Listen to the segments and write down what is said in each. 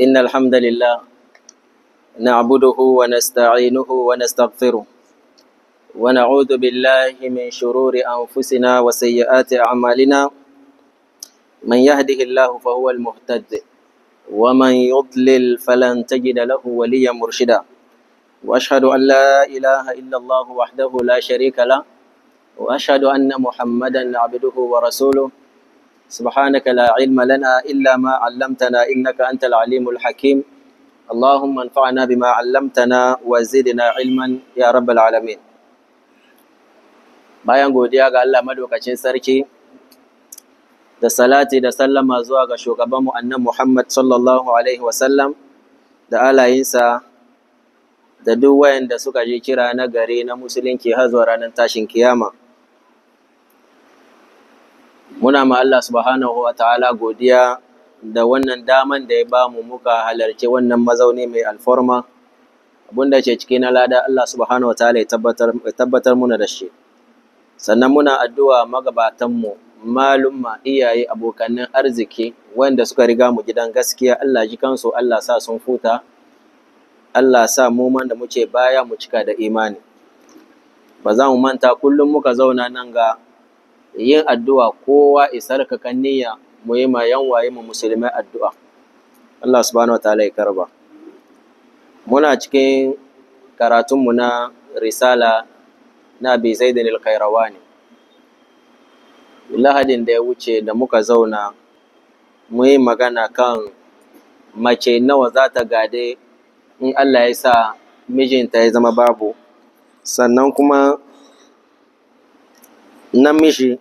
إن الحمد لله نعبده ونستعينه ونستغفره ونعوذ بالله من شرور أنفسنا وسيئات أعمالنا من يهده الله فهو المهتد ومن يضلل فلن تجد له وليا مرشدا وأشهد أن لا إله إلا الله وحده لا شريك له وأشهد أن محمدا عبده ورسوله سبحانك لا علم لنا إلا ما علمتنا إنك أنت العليم الحكيم اللهم انفعنا بما علمتنا وزدنا علما يا رب العالمين bayan godiya ga Allah madaukacin sarki da salati da sallama zuwa ga shugabanmu annan Muhammad sallallahu alaihi wasallam da alayinsa da duk wayanda suka je kira na gari na musulunci har zuwa ranar tashin kiyama muna ma Allah subhanahu wa ta'ala godiya da wannan daman da ya ba mu muka halarci wannan mazauni mai alforma abinda ke ciki na lada Allah subhanahu wa ta'ala ya tabbatar muna da shi sannan muna addu'a magabatanmu malumma iyaye abokanin arziki wanda suka riga mu gidan gaskiya Allah ji kansu Allah sa sun futa Allah sa mu man da muke baya mu cika da imani ba za mu manta kullum muka zauna nan ga yin addu'a kowa isarka kan niyya mu yi ma yan waye mu musulmai addu'a Allah subhanahu ta'ala ya karba muna cikin karatunmu na risala na zai dalil kairawa ne. Lahadin da ya wuce da muka zauna mu yi magana kan mace nawa za ta gade in Allah ya sa mijinta ya zama babu sannan kuma namiji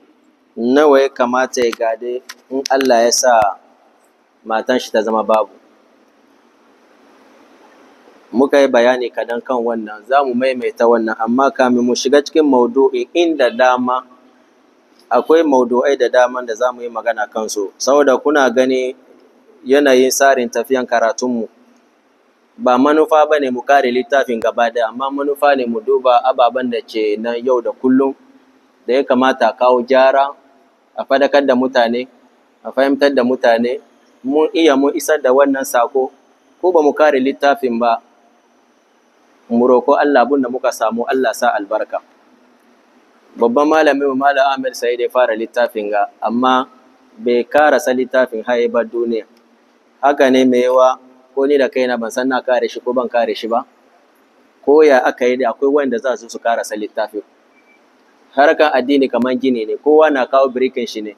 nawa ya kamata ya gade in Allah ya sa matan shi ta zama babu muka yi bayani kadan kan wannan za mu maimaita wannan amma kamin mu shiga cikin maudu'i inda dama akwai maudu'ai da dama da za mu yi magana kansu saboda kuna gani yanayin tsarin tafiyan karatunmu ba manufa ba ne mu kare littafin gaba da amma manufa ne mu duba ababen da ke nan yau da kullum da ya kamata a kawo gyara a fadakar da mutane a fahimtar da mutane mun iya mun isar da wannan sako ko ba mu kare littafin ba mu roko Allah abin muka samu Allah sa albarka babban malami mu malam Ahmed sai dai fara littafin ga amma bai karasa littafin haye ba duniya haka ne mai yawa ko ni da kaina ban san na kare shi ko ban kare shi ba ko ya aka yi da akwai wanda za su su karasa littafin harkan addini kamar gini ne kowa na kawo birikin shi ne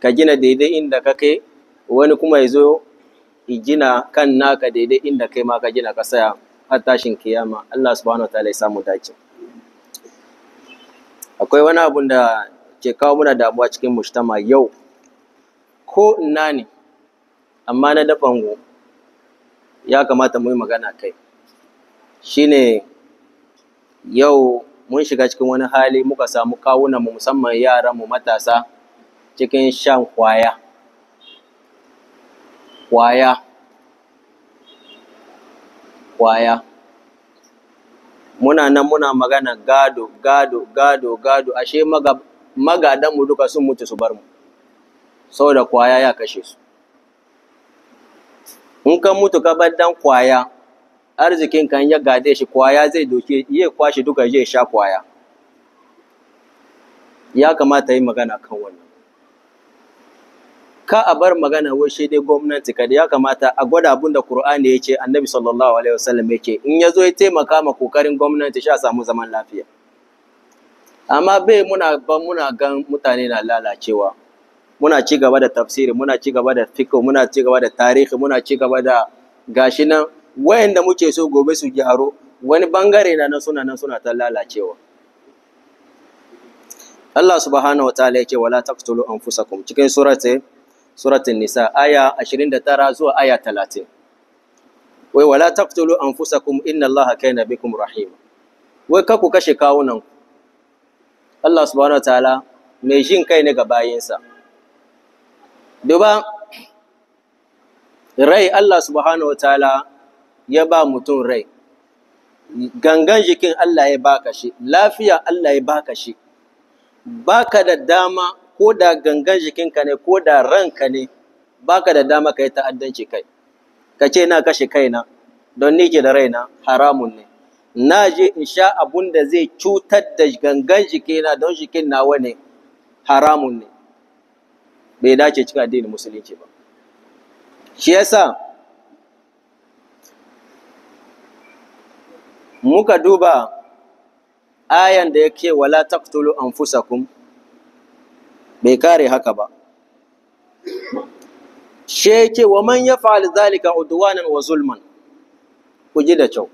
ka gina daidai inda ka kai wani kuma ya zo gina kan naka daidai inda kai ma ka gina ka saya har tashin kiyama Allah subhanahu wa ta'ala ya samu dace akwai wani abu da ke kawo muna damuwa cikin mujtama yau ko ina ne amma na dafango ya kamata mu yi magana kai shine yau mun shiga cikin wani hali muka samu kawunan mu musamman yaran mu matasa cikin shan kwaya kwaya kwaya muna nan muna magana gado gado gado gado ashe magadanmu duka sun mutu su bar mu saboda kwaya ya kashe su in ka mutu ka bar dan kwaya arzikin kan ya gade shi kwaya zai doke iya kwashi duka ya sha kwaya ya kamata yi magana kan wannan ka a bar magana wai shi dai gwamnati kada ya kamata a gwada abin da Qur'ani ya ce Annabi sallallahu alaihi wasallam ya ce in ya zo ya taimaka ma kokarin gwamnati sha samu zaman lafiya amma bai muna ban muna gan mutane na lalacewa muna ci da tafsiri muna cigaba da fiqh muna ci da tarihi muna cigaba da gashi nan wayanda muke so gobe su gyaro wani bangare na nan suna nan suna ta lalacewa Allah subhanahu wa ta'ala yake wala taqtulu anfusakum cikin surati suratul nisa aya 29 zuwa aya 30 wai wala taqtulu anfusakum inna Allaha kana bikum rahim wai ka ku kashe kawunan Allah subhanahu wa ta'ala mai jin kai ne ga bayinsa duba rai Allah subhanahu wa ta'ala ya ba mutum rai gangan jikin Allah ya baka shi lafiya Allah ya baka shi baka da dama ko da gangan jikinka ne ko da ranka ne baka da dama ka yi ta'addanci kai ka ce na kashe kaina don ni da raina haramun ne na je in sha abun da zai cutar da gangan jikina don jikin nawa ne haramun ne bai dace cikin addinin musulunci ba shi yasa muka duba ayan da yake wala taqtulu anfusakum bai kare haka ba she yake wa man yaf'al zalika udwanan wa zulman ku ji da kyau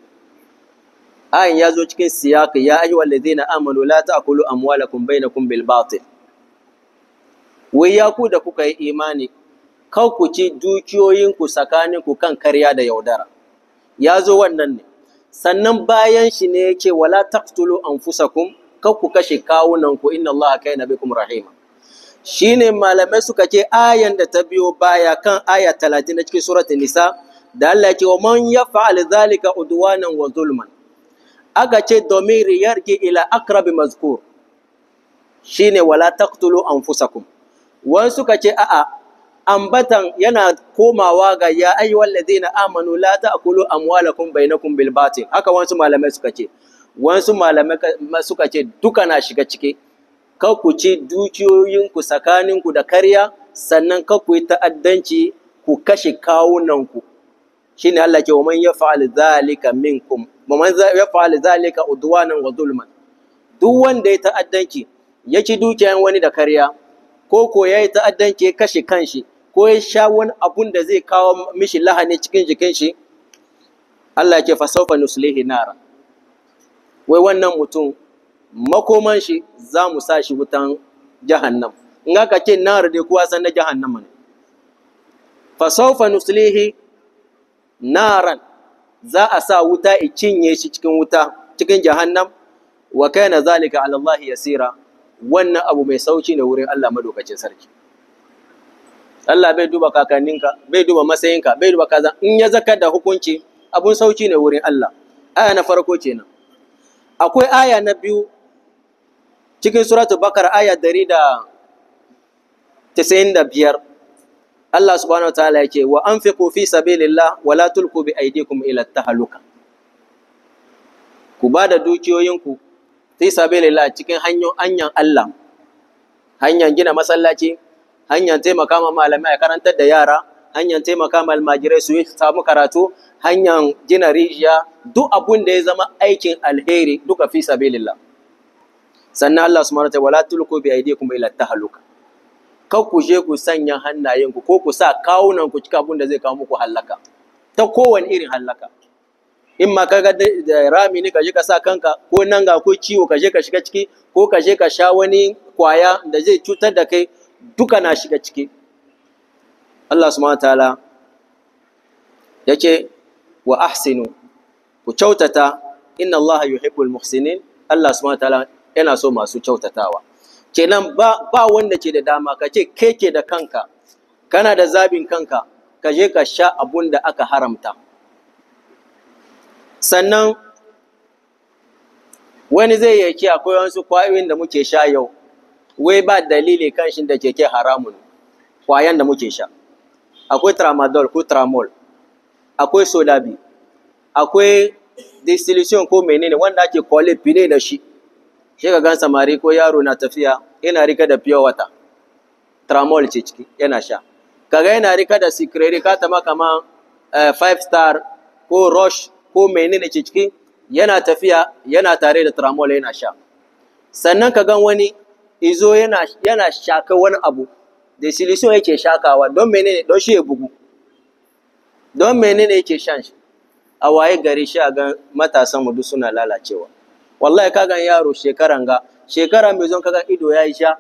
ayan ya zo cikin siyaki ya ayu ladina amanu la ta'kulu amwalakum bainakum bil batil wai ya ku da kuka yi imani kau ku ci dukiyoyinku tsakaninku kan karya da yaudara ya zo wannan ne sannan bayan shi ne yake wala taqtulu anfusakum kar ku kashe kawunanku inna Allah kai na bikum rahima shine malamai suka ce ayan da ta biyo baya kan aya 30 na cikin surat nisa da Allah yake wa man yaf'al zalika udwanan wa zulman aga ce domiri yarki ila akrabi mazkur shine wala taqtulu anfusakum wani suka ce a'a ambatan yana komawa ga ya wallazi na amanu la ta'kulu amwalakum bainakum bil batil haka wasu malamai suka ce wasu malamai suka ce duka na shiga ciki kaku ku ci dukiyoyinku tsakaninku da karya sannan ka ku yi ta'addanci ku kashe kawunanku shine Allah ke wa man yaf'al zalika minkum wa man yaf'al zalika udwanan wa zulman duk wanda ya ta'addanci ya ci dukiyan wani da karya ko ko ya yi ta'addanci ya kashe kanshi ko ya sha wani abun da zai kawo mishi lahani cikin jikin shi Allah ke fasaufa nuslihi nara wai wannan mutum makoman shi za mu sa shi wutan jahannam in aka ce nara dai kowa san na jahannam ne fasaufa nuslihi naran za a sa wuta i cinye shi cikin wuta cikin jahannam wa kana zalika ala Allah yasira wannan abu mai sauki ne wurin Allah madaukakin sarki Allah bai duba kakanninka bai duba matsayinka bai duba kaza in ya zaka da hukunci abun sauki ne wurin Allah aya na farko kenan akwai aya na biyu cikin suratul bakar aya biyar. Allah subhanahu wataala yake wa anfiqu fi sabilillah wa la tulqu bi aydikum ila tahaluka ku bada dukiyoyinku fi sabilillah cikin hanyoyin anyan Allah hanyar gina masallaci hanyar taimaka ma malamai a karantar da yara hanyar taimaka ma almajirai su samu karatu hanyar gina rijiya duk abun da ya zama aikin alheri duka fi sabilillah sannan Allah subhanahu wala tulku bi aydikum ila tahluka kar ku je ku sanya hannayenku ko ku sa kawunan ku cika abun da zai kawo muku hallaka ta kowane irin hallaka in ma ga da rami ne ka je ka sa kanka ko nan ga ko ciwo ka je ka shiga ciki ko ka je ka sha wani kwaya da zai cutar da kai duka na shiga ciki Allah subhanahu ta'ala yake wa ahsinu ku kyautata inna Allah yuhibbul muhsinin Allah subhanahu ta'ala yana so masu kyautatawa kenan ba ba wanda ke da dama ka ce kai ke da kanka kana da zabin kanka ka je ka sha abun da aka haramta sannan wani zai yake akwai wasu kwayoyin da muke sha yau wai ba dalili kan shi da keke haramun kwayan da muke sha akwai tramadol ko tramol akwai solabi akwai distillation ko menene wanda ake kwale fine da shi shi ga gan samari ko yaro na tafiya yana rika da pure water tramol ce ciki yana sha kaga yana rika da sikirari ka tama kama eh, five star ko rush ko menene ce ciki yana tafiya yana tare da tramol yana sha sannan ka gan wani izo yana yana shaka wani abu da silison yake shakawa don menene don shi ya bugu don menene yake shan shi a waye gari shi ga matasan mu duk suna lalacewa wallahi ka gan yaro shekaran ga shekara mai zon kaga ido yayi sha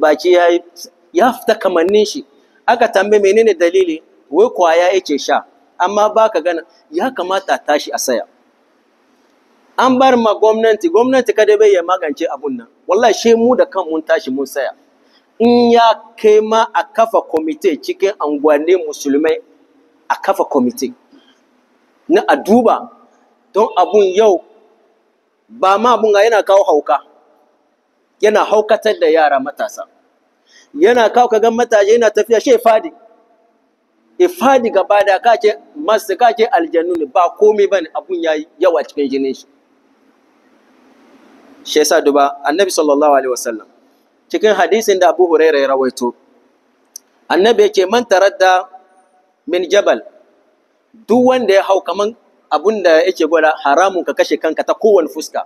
baki yayi ya fita kamannin shi aka tambaye menene dalili wai kwaya yake sha amma baka gana ya kamata tashi a saya an bar ma gwamnati gwamnati kada bai ya magance abun nan wallahi she mu da kan mun tashi mun saya in ya kai ma a kafa kwamite cikin angwane musulmai a kafa kwamite na a duba don abun yau ba ma abun ga yana kawo hauka yana haukatar da yara matasa yana kawo kagan mataje yana tafiya she fadi ifadi e gaba da kace masu kace aljannu ne ba komai bane abun yayi yawa cikin jinin shi shi yasa duba annabi sallallahu alaihi wasallam cikin hadisin da Abu Hurairah ya rawaito annabi yake man taradda min jabal duk wanda ya hau kaman abun da yake gwada haramun ka kashe kanka ta kowane fuska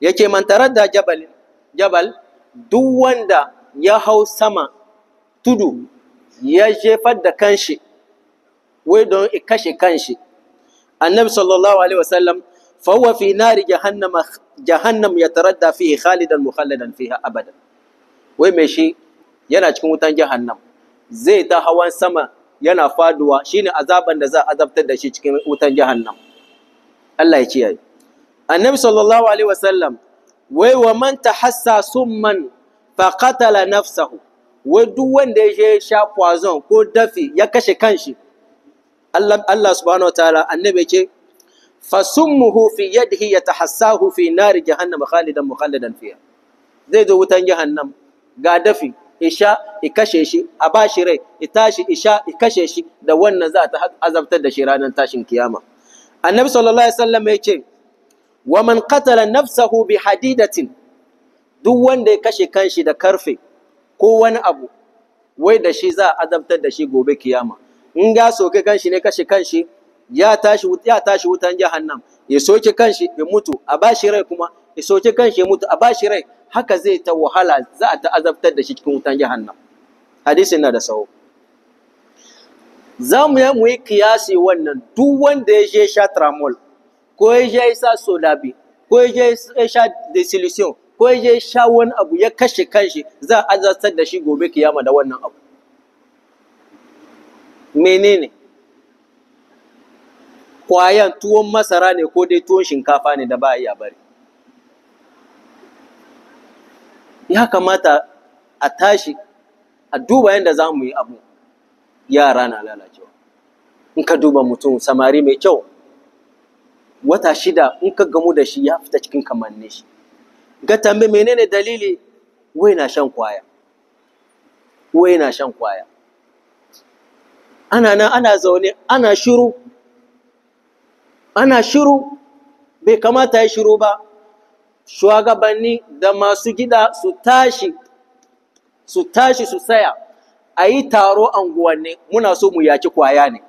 yake man taradda jabal jabal duk wanda ya hau sama tudu ya jefar da kanshi wai don i kashe kanshi annabi sallallahu alaihi wasallam fahuwa fi nari jahannama jahannam yataradda fihi khalidan mukhalladan abada. abadan wai mai shi yana cikin wutan jahannam zai ta hawan sama yana faduwa shine azaban da za a azabtar da shi cikin wutan jahannam Allah ya kiyaye annabi sallallahu alaihi wasallam wai wa man tahassa summan fa qatala nafsahu wai duk wanda ya je sha poison ko dafi ya kashe kanshi Allah Allah subhanahu wataala annabi ya ce fasummuhu fi yadihi yatahassahu fi nari jahannam khalidan mukhalladan fiha zai zo wutan jahannam ga dafi isha i kashe shi a bashi rai i tashi isha i kashe shi da wannan za ta azabtar da shi ranar tashin kiyama annabi sallallahu alaihi wasallam ce, wa man qatala nafsahu bi hadidatin duk wanda ya kashe kanshi da karfe ko wani abu wai da shi za a azabtar da shi gobe kiyama in ga soke kanshi ne kashe kanshi ya tashi ya tashi wutan jahannam ya soke kanshi ya mutu a bashi rai kuma ya soke kanshi ya mutu a bashi rai haka zai ta wahala za a ta azabtar da shi cikin wutan jahannam hadisi na da sawo za mu yi mu yi kiyasi wannan duk wanda ya je sha tramol ko ya je sa solabi ko ya je sha desilusion ko ya je sha wani abu ya kashe kanshi za a azabtar da shi gobe kiyama da wannan abu menene kwayan tuwon masara ne ko dai tuwon shinkafa ne da ba a iya bari ya kamata a tashi a duba yadda za mu yi abu yara na lalacewa in ka duba mutum samari mai kyau wata shida in ka gamu da shi ya fita cikin kamanni shi ga tambi menene dalili wai na shan kwaya wai na shan kwaya ana nan ana zaune ana shiru ana shiru bai kamata ya shiru ba shugabanni da masu gida su tashi su tashi su saya a yi taro anguwanni muna so mu yaki kwaya ne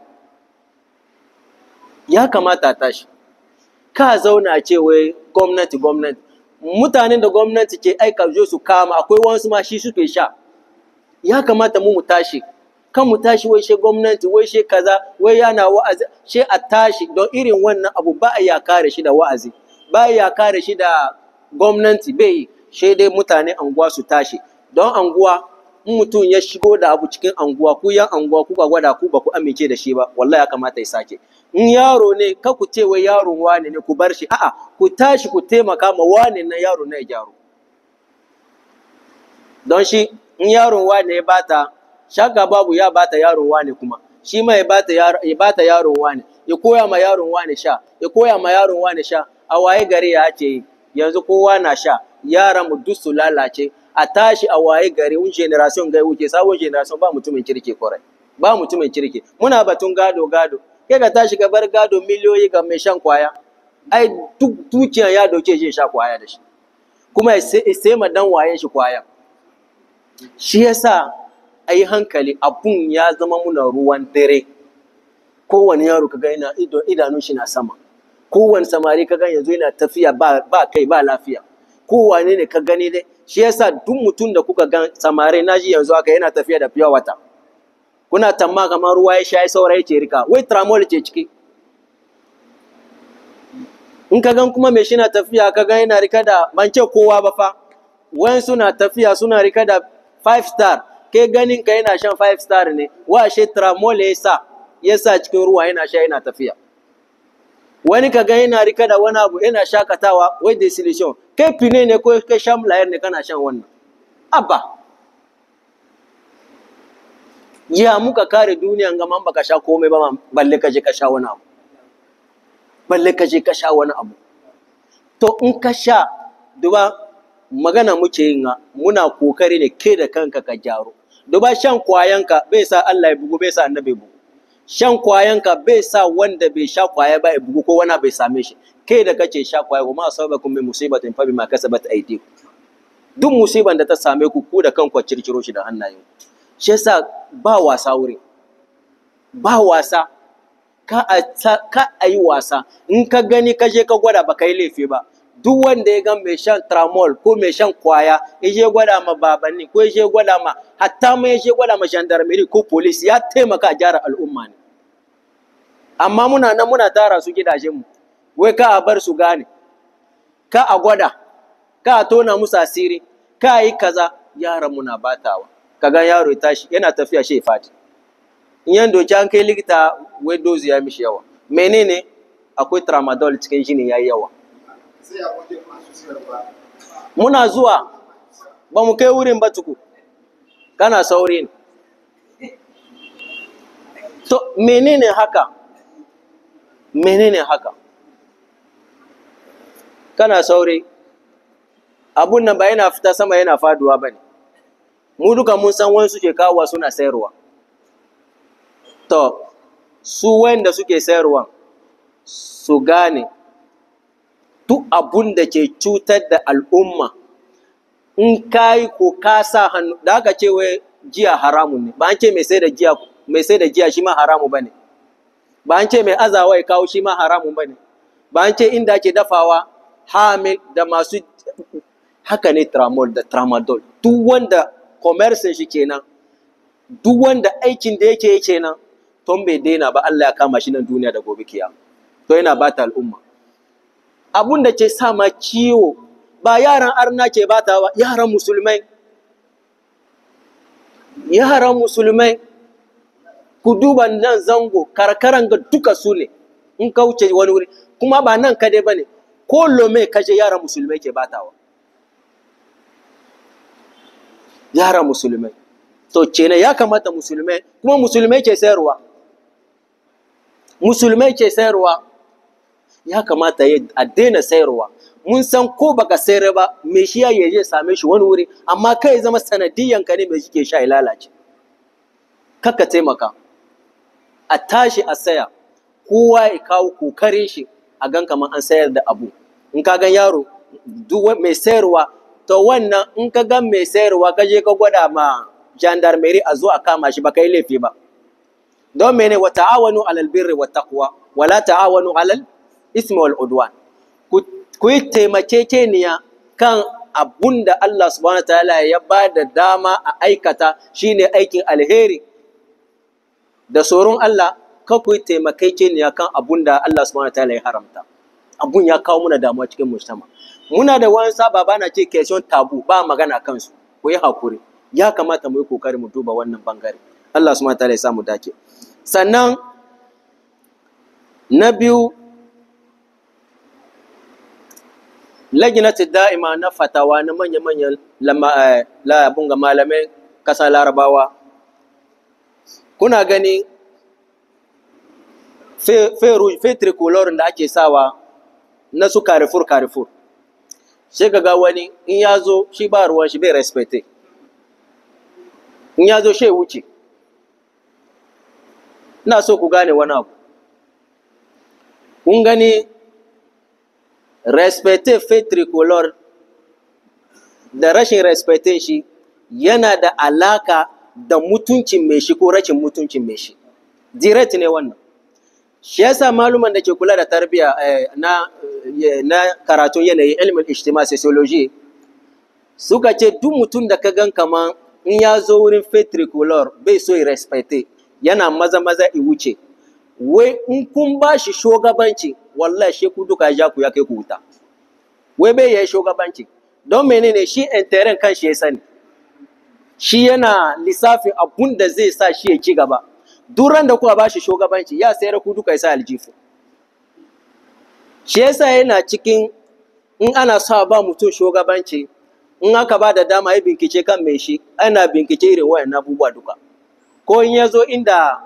ya kamata tashi ka zauna ce wai gwamnati gwamnati mutanen da gwamnati ke aika zo su kama akwai wasu ma shi suke sha ya kamata mu mu tashi kan mu tashi wai she gwamnati wai she kaza wai yana wa'azi she a tashi don irin wannan abu ba a ya kare shi da wa'azi ba a ya kare shi da gwamnati bai she dai mutane anguwa su tashi don anguwa in mutum ya shigo da abu cikin anguwa ku yan anguwa ku ga gwada ku ba ku amince da shi ba wallahi ya kamata ya sake in yaro ne ka ku ce wai yaro wane ne ku bar shi a'a ku tashi ku taimaka ma wane na yaro na ya gyaro don shi in yaro wane ya bata shaka babu ya bata yaron wane kuma shi ma ya bata yaron wane ya koya ma yaron wane sha ya koya ma yaron wane sha a waye gari ya ce yi yanzu kowa na sha Yara mu duk su lalace a tashi a waye gari un generation gai wuce sabon generation ba mutumin kirki kwarai ba mutumin kirki muna batun gado gado kai ga tashi ka bar gado miliyoyi ga mai shan kwaya ai duk dukiyan ya doke shi sha kwaya da shi kuma ya sai ma dan wayen shi kwaya shi yasa Ai hankali abun ya zama muna ruwan dare kowane yaro kaga ido idanun shi na sama kowane samari kaga yanzu yana tafiya ba kai ba lafiya kowane ne ka gani dai shi yasa duk mutum da kuka gan samari naji yanzu aka yana tafiya da fiya wata kuna tamma kamar ruwa ya sha saurayi ce rika wai tramol ce ciki in ka gan kuma me shi na tafiya ka yana rika da ban ce kowa ba fa wayan suna tafiya suna rika da five star ke ganin ka yana shan five star ne washe tramol ya sa ya sa cikin ruwa yana sha yana tafiya wani ka ga yana rika da wani abu yana shakatawa wai distillation kai fine ne ko kai shan layar ne kana shan wannan abba ya muka kare duniyan man baka sha komai ba balle ka je ka sha wani abu balle ka je ka sha wani abu to in ka sha duba magana muke yin muna kokari ne kai da kanka ka gyaro duba shan kwayanka bai sa Allah ya bugu bai sa annabi bugu shan kwayanka bai sa wanda bai sha kwaya ba ya bugu ko wani bai same shi kai da kace sha kwaya kuma asabakum min musibatin fa bima kasabat aydikum duk musiban da ta same ku ku da kanku circiro shi da hannayen shi yasa ba wasa wuri, ba wasa ka a yi wasa in ka gani ka je ka gwada ba ka yi laifi ba duk wanda ya ga mai shan tramol ko mai shan kwaya ya je gwada ma babanni ko ya je gwada ma hatta ma ya je gwada ma gendarmerie ko police ya taimaka a gyara al'umma ne amma muna nan muna tara su mu wai ka a bar su gane ka a gwada ka a tona musu asiri ka yi kaza yaran muna batawa ga yaro ya tashi yana tafiya shi fadi in yan doki an kai likita wai dozi ya mishi yawa menene akwai tramadol cikin jini yayi yawa muna zuwa ba mu kai wurin ba tuku kana ne to menene haka menene haka kana sauri? abun nan ba yana fita sama yana faduwa ba ne mu duka mun san wani suke kawowa suna sayarwa to su wanda suke sayarwa su gane duk abun da ke cutar da al'umma in ka yi ko ka sa hannu da aka ce wai giya haramun ne ba an ce mai sai da giya shi ma haramu ne? ba an ce mai azawa ya kawo shi ma haramun ne? ba an ce inda ke dafawa hamil da masu haka ne tramol da tramadol duk wanda commerce shi kenan duk wanda aikin da yake kenan ton bai daina ba Allah ya kama shi nan duniya da gobe kiyama to yana bata al'umma abun da ke sa ma kiwo ba yaran arna ke bata ba yaran musulmai yaran musulmai ku duban nan zango karkaran ga duka su ne in ka wuce wani wuri kuma ba nan kadai ba ne ko lome kashe yaran musulmai ke ba yaran musulmai to kenan ya kamata musulmai kuma musulmai ke sayarwa musulmai ke sayarwa ya kamata a daina sayarwa mun san ko baka sayar ba me shi ya yaje same shi wani wuri amma kai zama sanadiyan ka ne me shi ke sha ya lalace kakka taimaka a tashi a saya kowa ya kawo kokarin shi a gan kamar an sayar da abu in ka gan yaro duk mai sayarwa to wannan in ka gan mai sayarwa ka je ka gwada ma jandarmeri a zo a kama shi ba yi laifi ba don mene wa ta'awanu alal birri wa taqwa wala ta'awanu alal ismawal udwan ku yi taimakekeniya kan abun da Allah subhanahu wa ta'ala ya ba da dama a aikata shine aikin alheri da tsoron Allah ka ku yi taimakekeniya kan abun da Allah subhanahu wa ta'ala ya haramta abun ya kawo muna damuwa cikin mujtama muna da wani saba ba na ce kashon tabu ba magana kansu ku yi hakuri ya kamata mu yi kokari mu duba wannan bangare Allah subhanahu wa ta'ala ya samu dace sannan na biyu laginati da'ima na fatawa na manya-manyan labun eh, ga malamai kasa larabawa kuna gani kolorin da ake sawa na su karifur-karifur sai ga wani in ya zo shi ba ruwan shi bai respecte in ya zo shi wuce na so ku gane wani abu kun gani respecte fait tricolor da rashin respecte shi yana da alaka da mutuncin mai shi ko rashin mutuncin mai shi direct ne wannan shi yasa maluman da ke kula da tarbiyya eh, na eh, na karatun yanayi ilmin ijtima sociology suka ce duk mutum da ka gan kama in ya zo wurin tricolor bai so respecte yana maza maza i wuce wai in kun ba shi shugabanci wallahi shi ku duka ya ja ku ya kai ku wuta wai bai yayi shugabanci don menene shi intaren kan shi ya sani shi yana lissafin abun da zai sa shi ya ci gaba duk ran da kuka ba shi shugabanci ya sayar ku duka ya sa aljifu shi yasa yana cikin in ana sa ba mutum shugabanci in aka ba da dama ya bincike kan mai shi ana bincike irin wayan abubuwa duka ko in ya zo inda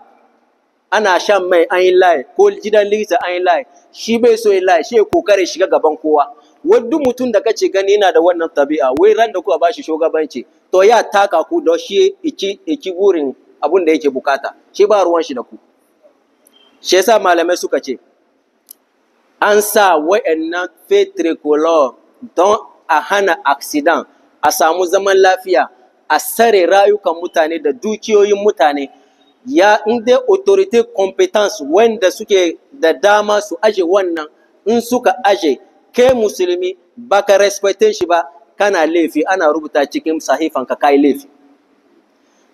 ana shan mai an yi layi ko gidan likita an yi layi shi bai so yi layi shi ya kokare shiga gaban kowa wadda mutum da kace gani yana da wannan tabi'a wai ran da kuka ba shi shugabanci to ya taka ku da shi iki iki burin abin da yake bukata shi ba ruwan shi da ku shi yasa malamai suka ce an sa wa'annan fetricolor don a hana accident a samu zaman lafiya a sare rayukan mutane da dukiyoyin mutane ya in dai authority competence wanda suke da dama su aje wannan in suka aje ke musulmi baka respecte shi ba kana laifi ana rubuta cikin sahifan ka kai laifi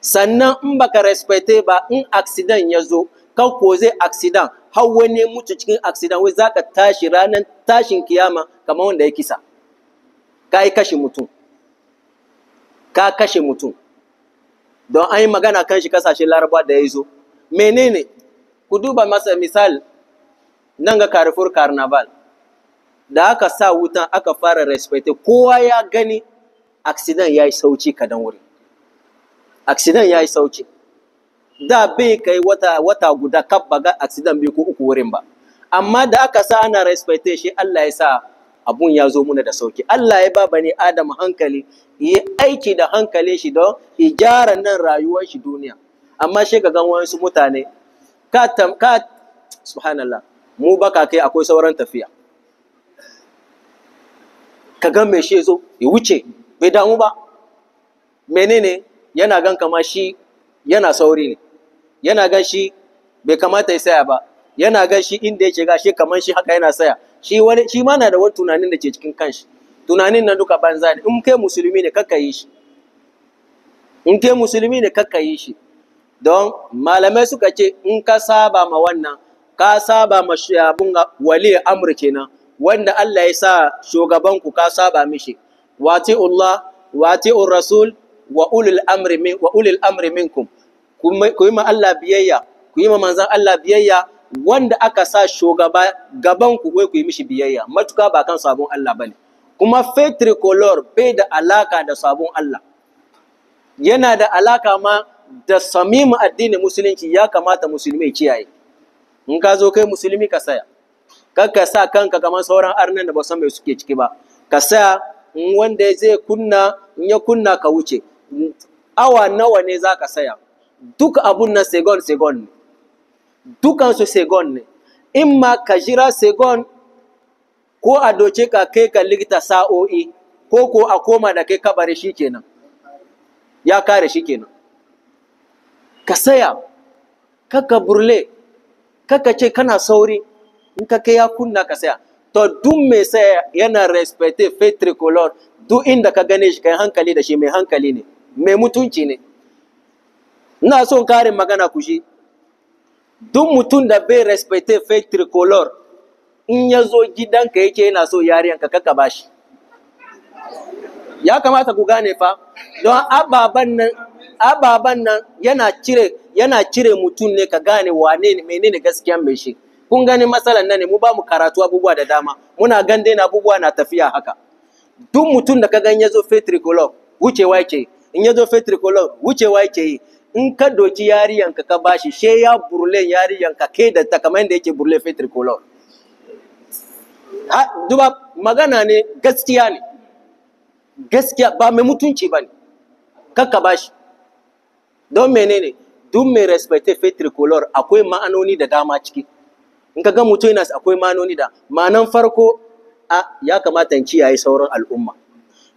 sannan in baka respecte ba in accident ya zo ka ko zai accident har wani mutu cikin accident wai zaka tashi ranan tashin kiyama kamar wanda ya kisa ka yi kashe mutum ka kashe mutum don an yi magana kan shi kasashen laraba da ya zo menene ku duba masa misal nan ga carrefour carnival da aka sa wutan aka fara respect kowa ya gani accident ya yi sauci kadan wuri accident ya yi sauci da bai kai wata, wata guda kaba baga ga accident bai ko uku wurin ba amma da aka sa ana respect shi Allah ya sa abun ya zo muna da sauki Allah ya ba bani Adam hankali yi aiki da hankali shi don gyara nan rayuwar shi duniya amma shi ga gan wasu mutane ka tam subhanallah mu baka kai akwai sauran tafiya ka gan mai shi zo ya wuce bai damu ba menene yana gan kama shi yana sauri ne yana gan shi bai kamata ya saya ba yana gan shi inda yake ga shi kamar shi haka yana saya shi wani shi ma na da wani tunanin da ke cikin kanshi tunanin nan duka banza ne in kai musulmi ne kakka yi shi in kai musulmi ne kakka yi shi don malamai suka ce in ka saba ma wannan ka saba ma abun wali amr kenan wanda Allah ya sa shugaban ku ka saba mishi wati'ullah wati'ur rasul wa ulul amri min wa ulul amri minkum ku yi ma Allah biyayya ku yi ma manzon Allah biyayya wanda aka sa shugaba gaban ku ku yi mishi biyayya matuka ba kan sabon Allah bane kuma fetricolor bai da alaka da sabon Allah yana da alaka ma da samimu addinin musulunci ya kamata musulmi kiyaye in ka zo kai musulmi ka saya ka sa kanka kamar sauran arnan da ba san mai suke ciki ba ka saya wanda zai kunna in ya kunna ka wuce awa nawa ne za ka saya duk abun na segon segon ne dukansu segon ne in ma ka jira segon ko a doke ka kai ka likita sa'o'i ko ko a koma da kai kabari shi kenan ya kare shi kenan ka saya kaka burle kaka ce kana sauri in ka kai ya kunna ka saya to duk mai saya yana respecte fetri duk inda ka gane shi kai hankali da shi mai hankali ne mai mutunci ne ina son karin magana ku shi duk mutum da bai respecte fetri in ya zo gidanka yake yana so yariyanka kaka bashi ya kamata ku gane fa don ababen nan ababen nan yana cire yana cire mutum ne ka gane wane ne menene gaskiya mai shi kun gani matsalan nan ne mu ba mu karatu abubuwa da dama muna gan na abubuwa na tafiya haka duk mutum da ka gan ya zo fetricolor wucewa yake in ya zo fetricolor wucewa yake yi in ka doki yariyanka ka bashi she ya burle yariyanka ke da ta da yake burle fetricolor duba magana ne gaskiya ne gaskiya ba mai mutunci ba ne kakka ba shi don menene duk mai respecte fetri kolor akwai ma'anoni da dama ciki in ka ga mutum yana akwai ma'anoni da ma'anan farko a ya kamata in kiyaye sauran al'umma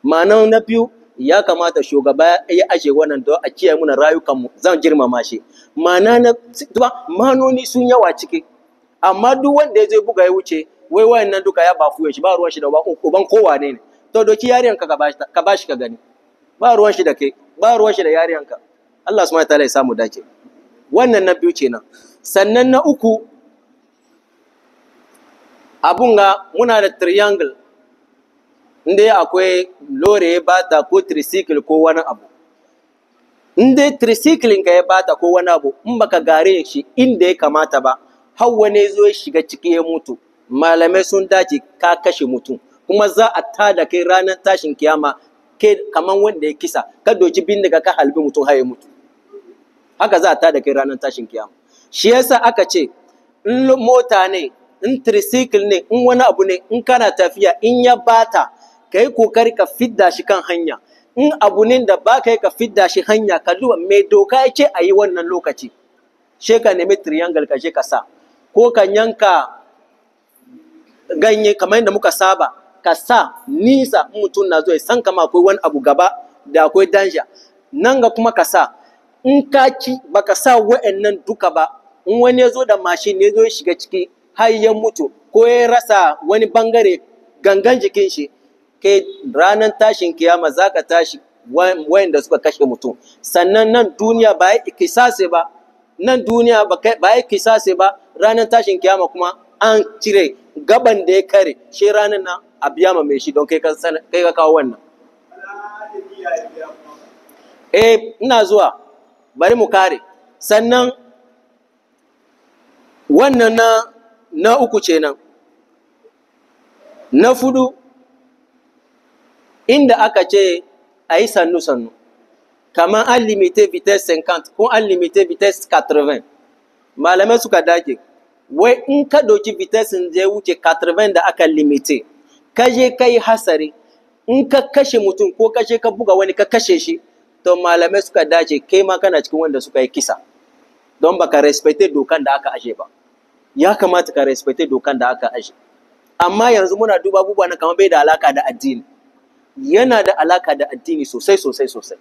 ma'anan na biyu ya kamata shugaba ya ashe wannan don a kiyaye muna rayukanmu zan girmama shi ma'ana na duba ma'anoni sun yawa ciki amma duk wanda ya zai buga ya wuce wai wayannan duka ya bafu shi ba ruwan shi da uban kowa ne ne to doki yariyanka ka bashi ka gani ba ruwan shi da kai ba ruwan shi da yariyanka Allah subhanahu ta'ala ya samu dace wannan na biyu kenan sannan na uku abun ga muna da triangle inda akwai lore bata ko tricycle ko wani abu inda tricycle ka ya bata ko wani abu in baka gare shi inda ya kamata ba har wani zo ya shiga ciki ya mutu malamai sun dace ka kashe mutum kuma za a tada kai ranar tashin kiyama ke kaman wanda ya kisa ka doki bindiga ka halbi mutum haye mutu haka za a tada kai ranar tashin kiyama shi yasa aka ce in mota ne in tricycle ne in wani abu ne in kana tafiya in ya bata ka yi kokari ka fidda shi kan hanya in abu ne da ba ka ka fidda shi hanya ka duba mai doka ya ce a wannan lokaci she ka nemi triangle ka je ka sa ko ka yanka ganye kamar yadda muka saba ka sa nisa mutum na zuwa san kama akwai wani abu gaba da akwai danja nan ga kuma ka sa in ka ki baka sa wa'annan duka ba in wani ya zo da mashin ne zo ya shiga ciki har ya mutu ko ya rasa wani bangare gangan jikin shi kai ranar tashin kiyama za ka tashi da suka kashe mutum sannan nan duniya ba ya ikisase ba nan duniya ba ya ikisase ba ranar tashin kiyama kuma an cire gaban da ya kare shi ranar na a biya ma mai shi don kai ka kawo wannan eh ina zuwa bari mu kare sannan wannan na na uku ce nan na fudu inda aka ce a yi sannu-sannu kamar an limite vitesse 50 ko an limite vitesse 80 malamai suka dage wai in ka ɗauki vitesin da ya wuce 80 da aka limite ka je ka yi hasari in ka kashe mutum ko kashe ka buga wani ka kashe shi to malamai suka dace kai ma kana cikin wanda suka yi kisa don ba ka respecte dokan da aka ashe ba ya kamata ka respecte dokan da aka ashe amma yanzu muna duba abubuwa na kamar bai da alaka da addini yana da alaka da addini sosai sosai sosai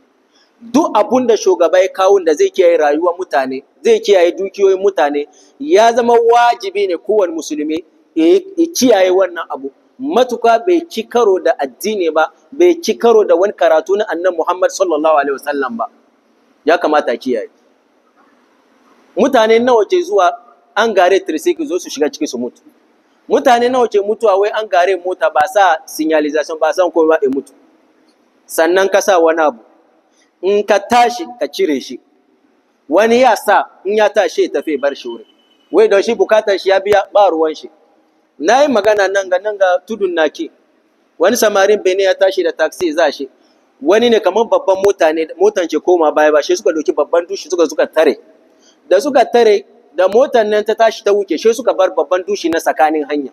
duk abun da shugaba ya kawo da zai kiyaye rayuwar mutane zai kiyaye dukiyoyin mutane ya zama wajibi ne kowane musulmi ya kiyaye wannan abu matuka bai ci karo da addini ba bai ci karo da wani karatu na annan Muhammad sallallahu alaihi wasallam ba ya kamata kiyaye mutane nawa ke zuwa an gare tirsiki zo su shiga ciki su mutu mutane nawa ke mutuwa wai an gare mota ba sa signalization ba san komai ba mutu sannan kasa wani abu in ka tashi ka cire shi wani ya sa in ya tashi ya tafi bar shi wurin wai don shi bukatar shi ya biya ba ruwan shi na yi magana nan ga nan ga tudun naki wani samarin bene ya tashi da taxi za shi wani ne kamar babban mota ne motan ce koma baya ba shi suka doki babban dushi suka suka tare da suka tare da motan nan ta tashi ta wuce shi suka bar babban dushi na tsakanin hanya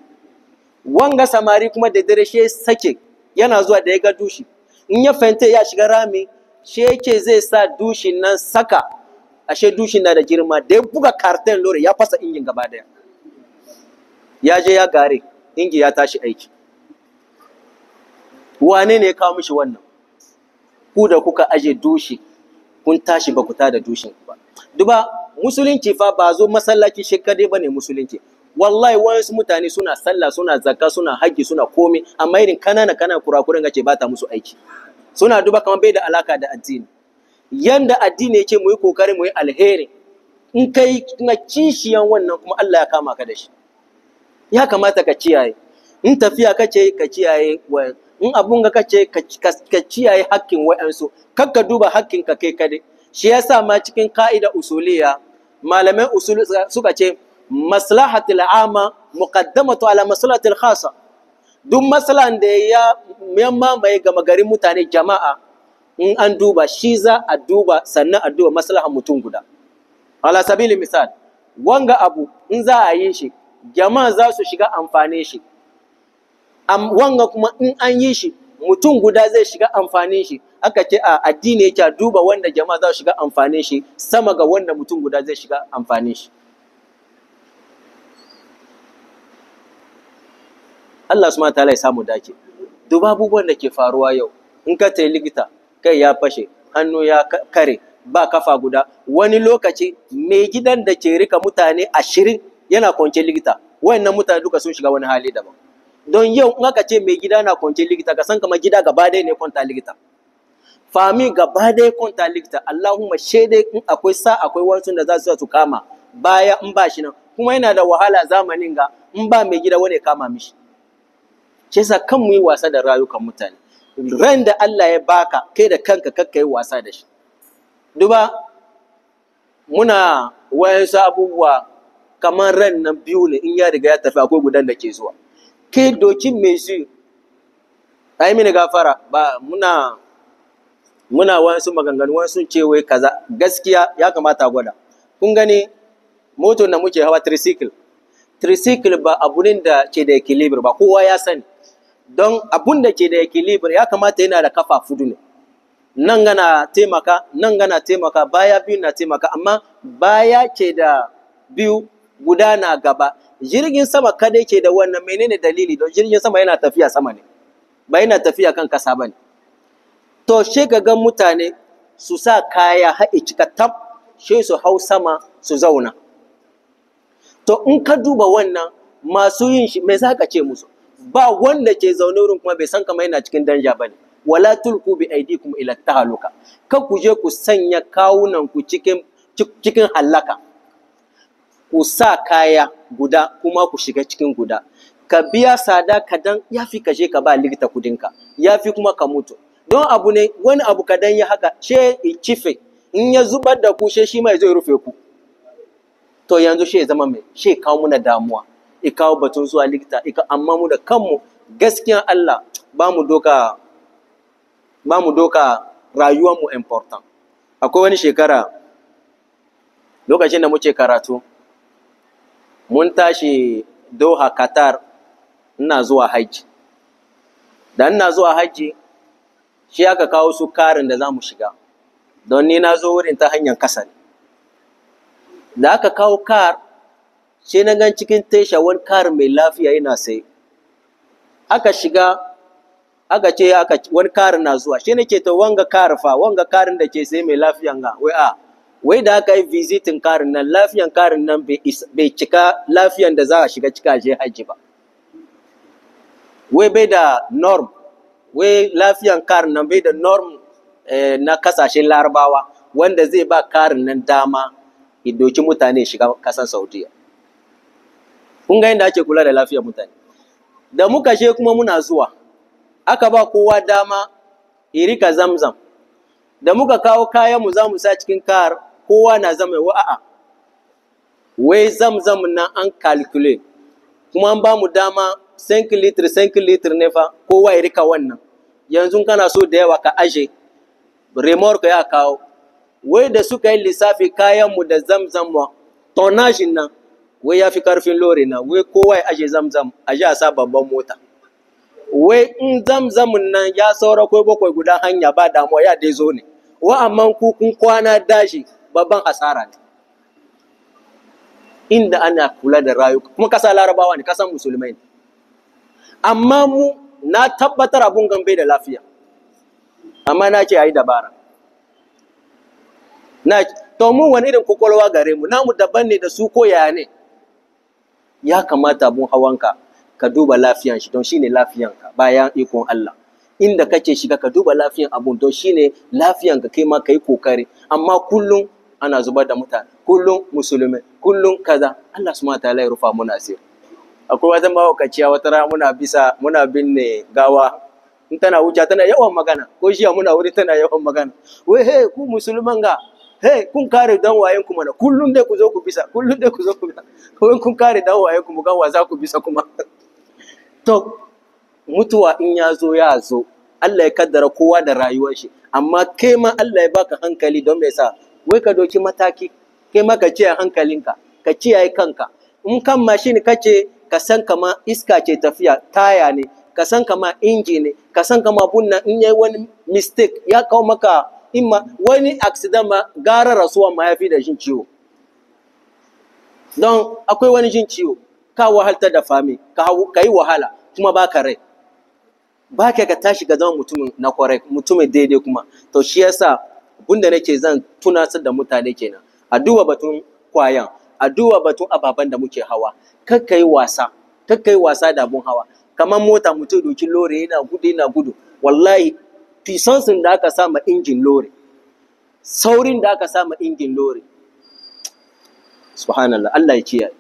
wanga samari kuma da dare shi sake yana zuwa da ya ga dushi in ya fahimta ya shiga rami shi yake zai sa dushin nan saka ashe dushin na da girma da ya buga karten lore ya fasa ingin gaba daya ya je ya gare ingi ya tashi aiki wane ne ya kawo mishi wannan ku da kuka aje dushi kun tashi ba ku ta da dushin ba duba musulunci fa ba zo masallaci shekade ba ne musulunci wallahi wayansu mutane suna sallah suna zakka suna haji suna komai amma irin kanana kana ga ce ba ta musu aiki suna duba kamar bai da alaka da addini yanda addini yake mu yi kokari mu yi alheri in kai na kishiyan wannan kuma Allah ya kama ka da shi ya kamata ka kiyaye in tafiya kace ka kiyaye in abun ga kace ka kiyaye hakkin wayansu kar ka duba hakkin ka kai kadai shi yasa ma cikin ka'ida usuliya malamai usul suka ce maslahatul amma muqaddamatu ala maslahatil khasa duk matsalan da ya mamaye gama garin mutane jama'a in an duba shi za a duba sannan a duba maslahan mutum guda ala sabili misal wanga abu in za a yi shi jama'a za su shiga amfane shi wanga kuma in an yi shi mutum guda zai shiga amfanin shi aka ce a addini yake duba wanda jama'a za su shiga amfanin shi sama ga wanda mutum guda zai shiga amfanin shi Allah subhanahu wataala ya samu dace duba abubuwan da ke faruwa yau in ka tayi likita kai ya fashe hannu ya kare ba kafa guda wani lokaci mai gidan da ke rika mutane ashirin yana kwance likita wayannan mutane duka sun shiga wani hali daban don yau in aka ce mai gida na kwance likita ka san kamar gida gaba dai ne kwanta likita fami gaba dai kwanta likita Allahumma shaidai in akwai sa akwai wasu da za su su kama baya in ba shi nan kuma yana da wahala zamanin ga in ba mai gida wani kama mishi shi yasa kan mu yi wasa da rayukan mutane ran da Allah ya baka kai da kanka kakka yi wasa da shi duba muna wayansu abubuwa kamar ran nan biyu ne in ya riga ya tafi akwai gudan da ke zuwa kai dokin mai a ai mini gafara ba muna muna wayansu maganganu wayansu ce kaza gaskiya ya kamata gwada kun gani moto na muke hawa tricycle tricycle ba abu ne da ke da equilibrium ba kowa ya sani don abun da ke da equilibrium ya kamata yana da kafa fudu ne nan gana taimaka nan gana taimaka baya biyu na taimaka amma baya ke da biyu guda na gaba jirgin sama kada ke da wannan menene dalili don jirgin sama yana tafiya sama ne ba yana tafiya kan kasa ba ne to she ga mutane su sa kaya haɗe cikattam she su hau sama su zauna to in ka duba wannan masu yin shi me za ka ce musu ba wanda ke zaune wurin kuma bai san kamar yana cikin danja ba ne wala tulku bi aidikum ila tahaluka ka ku je ku sanya kawunan ku cikin cikin halaka ku sa kaya guda kuma ku shiga cikin guda ka biya sada kadan ya fi ka je ka ba likita ka ya fi kuma ka mutu don abu ne wani abu dan ya haka she cife in ya zubar da ku she shi mai zai rufe ku to yanzu she zama mai she kawo muna damuwa ya kawo batun zuwa likita amma mu da kanmu gaskiyan Allah ba mu doka ba mu doka important akwai wani shekara lokacin da muke karatu mun tashi Doha Qatar ina zuwa haji da ina zuwa hajji shi aka kawo su karin da za mu shiga don ni na zo wurin ta hanyar kasa da aka kawo kar sai na gan cikin tasha wani kar mai lafiya yana sai aka shiga aka ce aka wani kar na zuwa shi nake ta wanga kar fa wanga karin da ke sai mai lafiyan ga wai a wai da aka yi visiting karin nan lafiyan karin nan bai cika lafiyan da za a shiga cika je haji ba wai bai da norm wai lafiyan karin nan bai da norm eh, na kasashen larabawa wanda zai ba karin nan dama idoki mutane shiga kasar saudiya kun ga yadda ake kula da lafiyar mutane da muka je kuma muna zuwa aka ba kowa dama irika zamzam da muka kawo kayan mu zamu sa cikin kar kowa na zama wa a'a wai zamzam nan an calculate kuma an ba mu dama 5 litre 5 litre ne fa kowa irika wannan yanzu kana so da yawa ka aje remorque ya kawo wai da suka yi lissafi kayanmu da zamzam wa tonajin nan wai ya fi karfin lori na wai kowa ya aje zamzam a ji a sa babban mota wai in zamzamin nan ya saura kai bakwai guda hanya ba damuwa ya dai zo ne wa amma ku kun kwana dashi babban asara ne inda ana kula da rayuka kuma kasa larabawa ne kasan musulmai ne amma mu na tabbatar abun gambe da lafiya amma na ce a yi dabara na to mu wani irin kwakwalwa gare mu namu daban ne da su ko yaya ne ya kamata bun hawanka ka duba lafiyan shi don shine lafiyan ka bayan ikon Allah inda kake shiga ka duba lafiyan abun don shine lafiyan ka kai ma kai kokari amma kullum ana zubar da mutane kullum musulmi kullum kaza Allah subhanahu wataala ya rufa muna asiri akwai wata mahaukaciya wata rana muna bisa muna binne gawa in tana wuce tana yawan magana ko jiya muna wuri tana yawan magana wai he ku musulman ga hey kun kare dan wayen ku mana kullun dai ku zo ku bisa kullun dai ku zo ku bisa kawai kun kare dan wayen ku mu ku bisa kuma to mutuwa in ya zo ya zo Allah ya kaddara kowa da rayuwar shi amma kai ma Allah ya baka hankali don me yasa wai ka doki mataki kai ma ka ciyaye hankalinka ka kiyaye kanka in kan mashin kace ka san kama iska ce tafiya taya ne ka san kama inji ne ka san kama bunna in yayi wani mistake ya kawo maka imma wani accident ma gara rasuwa ma yafi da jin ciwo don akwai wani jin ciwo ka wahalta da fami ka yi wahala kuma baka rai ba ka ka tashi ga zama mutumin na kwarai mutumin daidai kuma to shi yasa bunda nake zan tunasar da mutane kenan a duba batun kwayan a duba batun ababen da muke hawa kar yi wasa kar wasa da abun hawa kamar mota mutum dokin lori yana gudu yana gudu wallahi fisansin da aka sama injin lori saurin da aka sama injin lori subhanallah Allah ya kiyaye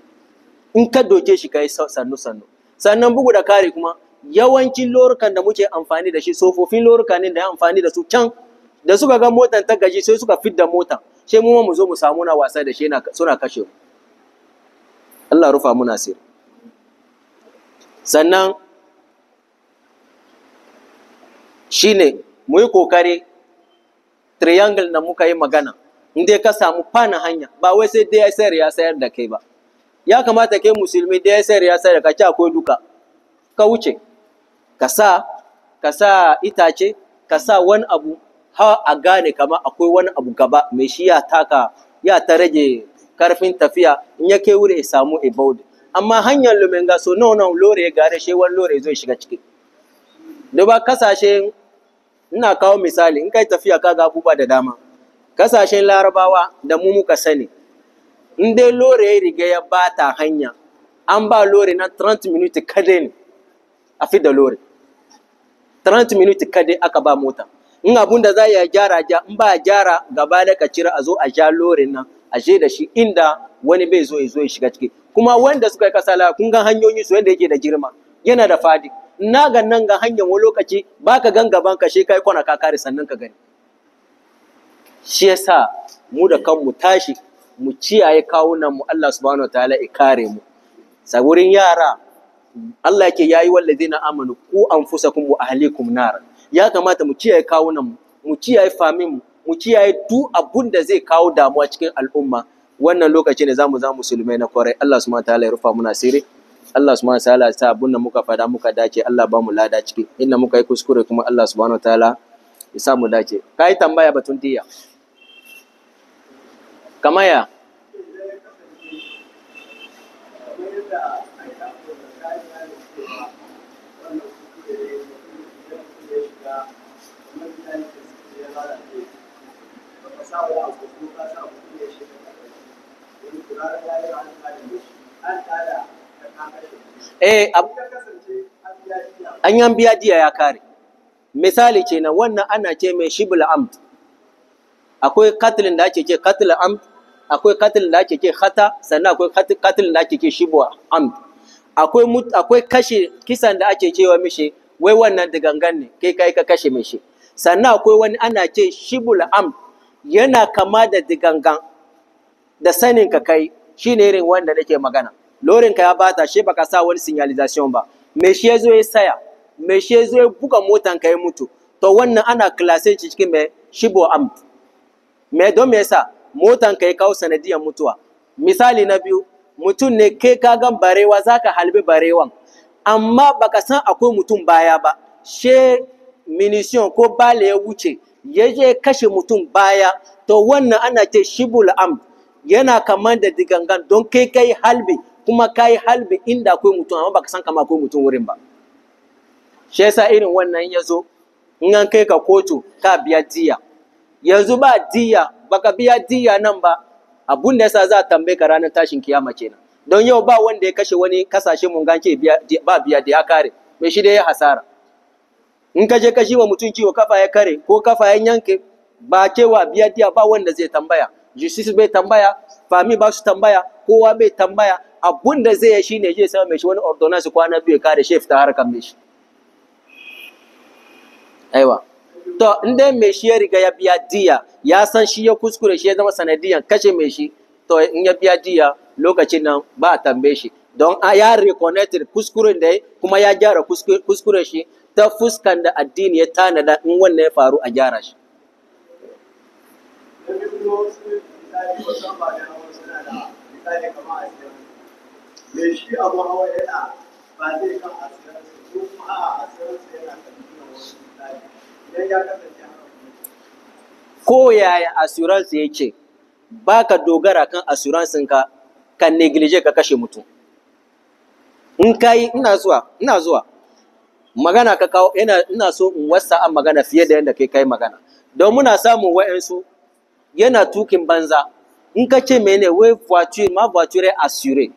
in ka doke shi kai sannu sannu sannan bugu da kare kuma yawancin lorukan da muke amfani da shi sofofin lorukan ne da ya amfani da su can da suka ga motan ta gaji sai suka fidda motan sai mu mu zo mu samu na wasa da shi suna kashe mu Allah rufa muna sir sannan shine mu yi kokari triangle na muka yi magana in ka samu fana hanya ba wai sai DSR ya sayar da kai ba ya kamata kai musulmi DSR ya sayar da ka akwai duka ka wuce ka sa ka sa itace ka sa wani abu ha a gane kama akwai wani abu gaba mai shi ya taka ya ta rage karfin tafiya in yake wuri ya samu ibaud amma hanyar lumenga so no no lore ya gare shi wani lore zai shiga ciki duba kasashen ina kawo misali in kai tafiya ka ga abubuwa da dama kasashen larabawa da mu muka sani in dai lori ya riga ya bata hanya an ba lori na 30 minutes kadai ne a fi da lori 30 minutes kadai aka ba mota in abun da za ya gyara ja in ba a gyara gaba da ka cira a zo a ja lori nan a je da shi inda wani bai zo ya zo ya shiga ciki kuma wanda suka yi kasala kun ga hanyoyin su wanda yake da girma yana da fadi na ga nan ga hanyar wani lokaci ba ka gan gaban ka shi kai kwana ka kare sannan ka gani shi yasa mu da kanmu tashi mu ciyaye kawunan mu Allah subhanahu wataala ya kare mu saburin yara Allah yake yayi wallazina amanu ku anfusakum wa ahlikum nar ya kamata mu ciyaye kawunan mu mu kiyaye famin mu mu kiyaye duk abun da zai kawo damuwa cikin al'umma wannan lokaci ne zamu za musulmai na kwarai Allah subhanahu wataala ya rufa muna asiri Allah subhanahu ta'ala ta abun da muka fada muka dace Allah ba mu lada ciki inda muka yi kuskure kuma Allah subhanahu ta'ala ya sa mu dace ka yi tambaya batun diya ya Thank you. eh an yan biya diya ya kare misali kenan wannan ana ce mai shibul amd akwai katilin da ake ce katil amd akwai katilin da ake ce khata sannan akwai katilin da ake ce shibul amd akwai akwai kashe kisan da ake cewa mishi wai wannan da gangan ne kai kai ka kashe mishi sannan akwai wani ana ce shibul amd yana kama da digangan da sanin ka kai shine irin wanda nake magana lorin ka ya bata she baka sa wani signalization ba me shi yazo ya saya me shi yazo ya buga motan ka ya mutu to wannan ana classing shi cikin me shibo amt me don me yasa motan ka ya kawo sanadiyar mutuwa misali na biyu mutum ne ke ka gan barewa zaka halbi barewan amma baka san akwai mutum baya ba she minisiyon ko bala ya wuce ya je kashe mutum baya to wannan ana ce shibul am yana kamar da digangan don kai kai halbi kuma ka yi halbi inda akwai mutum amma baka san kama akwai mutum wurin ba shi yasa irin wannan ya zo in an kai ka kotu ka biya diya yanzu ba diya baka biya diya nan ba abun da yasa za a tambaye ka ranar tashin kiyama kenan don yau ba wanda ya kashe wani kasashe mun ganke ba biya da ya kare mai shi da ya hasara in ka je kashi wa mutum ciwo kafa ya kare ko kafa ya yanke ba wa biya diya ba wanda zai tambaya justice bai tambaya fami ba su tambaya kowa bai tambaya abun da zai yi ne zai sama mai shi wani ordonansu kwana biyu kare shi fita harkar mai shi aiwa to in mai shi ya riga ya biya diya ya san shi ya kuskure shi ya zama sanadiyan kashe mai shi to in ya biya diya lokacin nan ba a tambaye shi don a ya reconnected kuskuren da kuma ya gyara kuskuren shi ta fuskan da addini ya tanada in wannan ya faru a gyara shi mai shi abu hawa yana ba zai kan asirarsa ko kuma a asirarsa yana kan nuna wasu misali idan ya kasance haka ko yaya assurance yake ba ka dogara kan assurancinka ka neglige ka kashe mutum in ka yi ina zuwa ina zuwa magana ka kawo ina so in wasa a magana fiye da yadda kai kai magana don muna samun wa'yansu yana tukin banza in ka ce mene wai voiture ma voiture assurée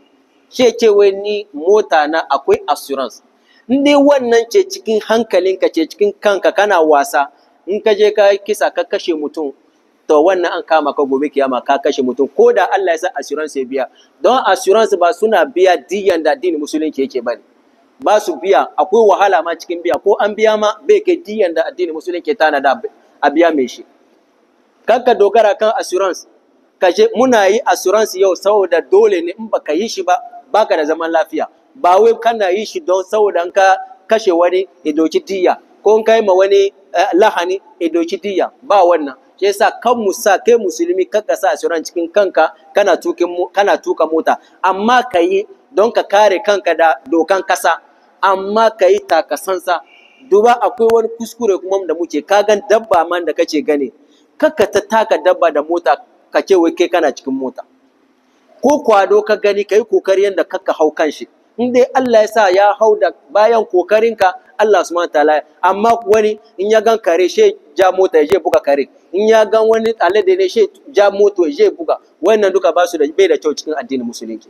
ke wai ni mota na akwai assurance in dai wannan ce cikin hankalinka ce cikin kanka kana wasa in ka je ka kisa ka kashe mutum to wannan an kama ka gobe kiyama ka kashe mutum ko da Allah ya sa assurance ya biya don assurance ba suna biya diyan da dini musulunci yake bane ba su biya akwai wahala ma cikin biya ko an biya ma bai kai diyan da addinin musulunci tana da a biya mai shi kanka dogara kan assurance kaje muna yi assurance yau saboda dole ne in baka yi shi ba baka da zaman lafiya ba wai kana yi shi don saboda ka kashe wani ya doki diya ko in kai ma wani eh, lahani ya doki diya ba wannan shi yasa kan musa kai musulmi ka sa asiran cikin kanka kana tukin kana tuka mota amma ka yi don ka kare kanka da dokan kasa amma ka yi takasansa duba akwai wani kuskure kuma da muke Ka gan dabba man da kace gane kakka ta taka dabba da mota ka ce wai kai kana cikin mota ko kwado ka gani kai kokari yanda kaka hau kan shi in dai Allah ya sa ya hau da bayan kokarinka Allah subhanahu wataala amma wani in ya gan kare she ja mota je buga kare in ya gan wani alade ne she ja moto je buga wannan duka ba su da bai da kyau cikin addinin musulunci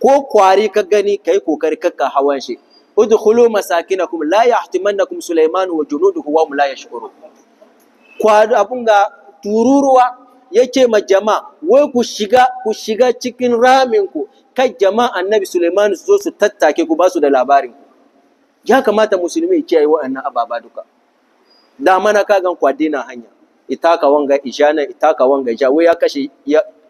ko kwari ka gani kai kokari kaka hawan shi udkhulu masakinakum la yahtimannakum sulaiman wa junuduhu wa hum la yash'urun kwado abun ga tururuwa yake ma jama'a wai ku shiga ku shiga cikin ramin ku kai jama'a annabi Suleiman su zo su tattake ku ba su da labarin ya kamata musulmi ya yi wa'annan ababa duka da mana kagan na hanya itaka wanga ishana itaka wanga ja wai ya kashe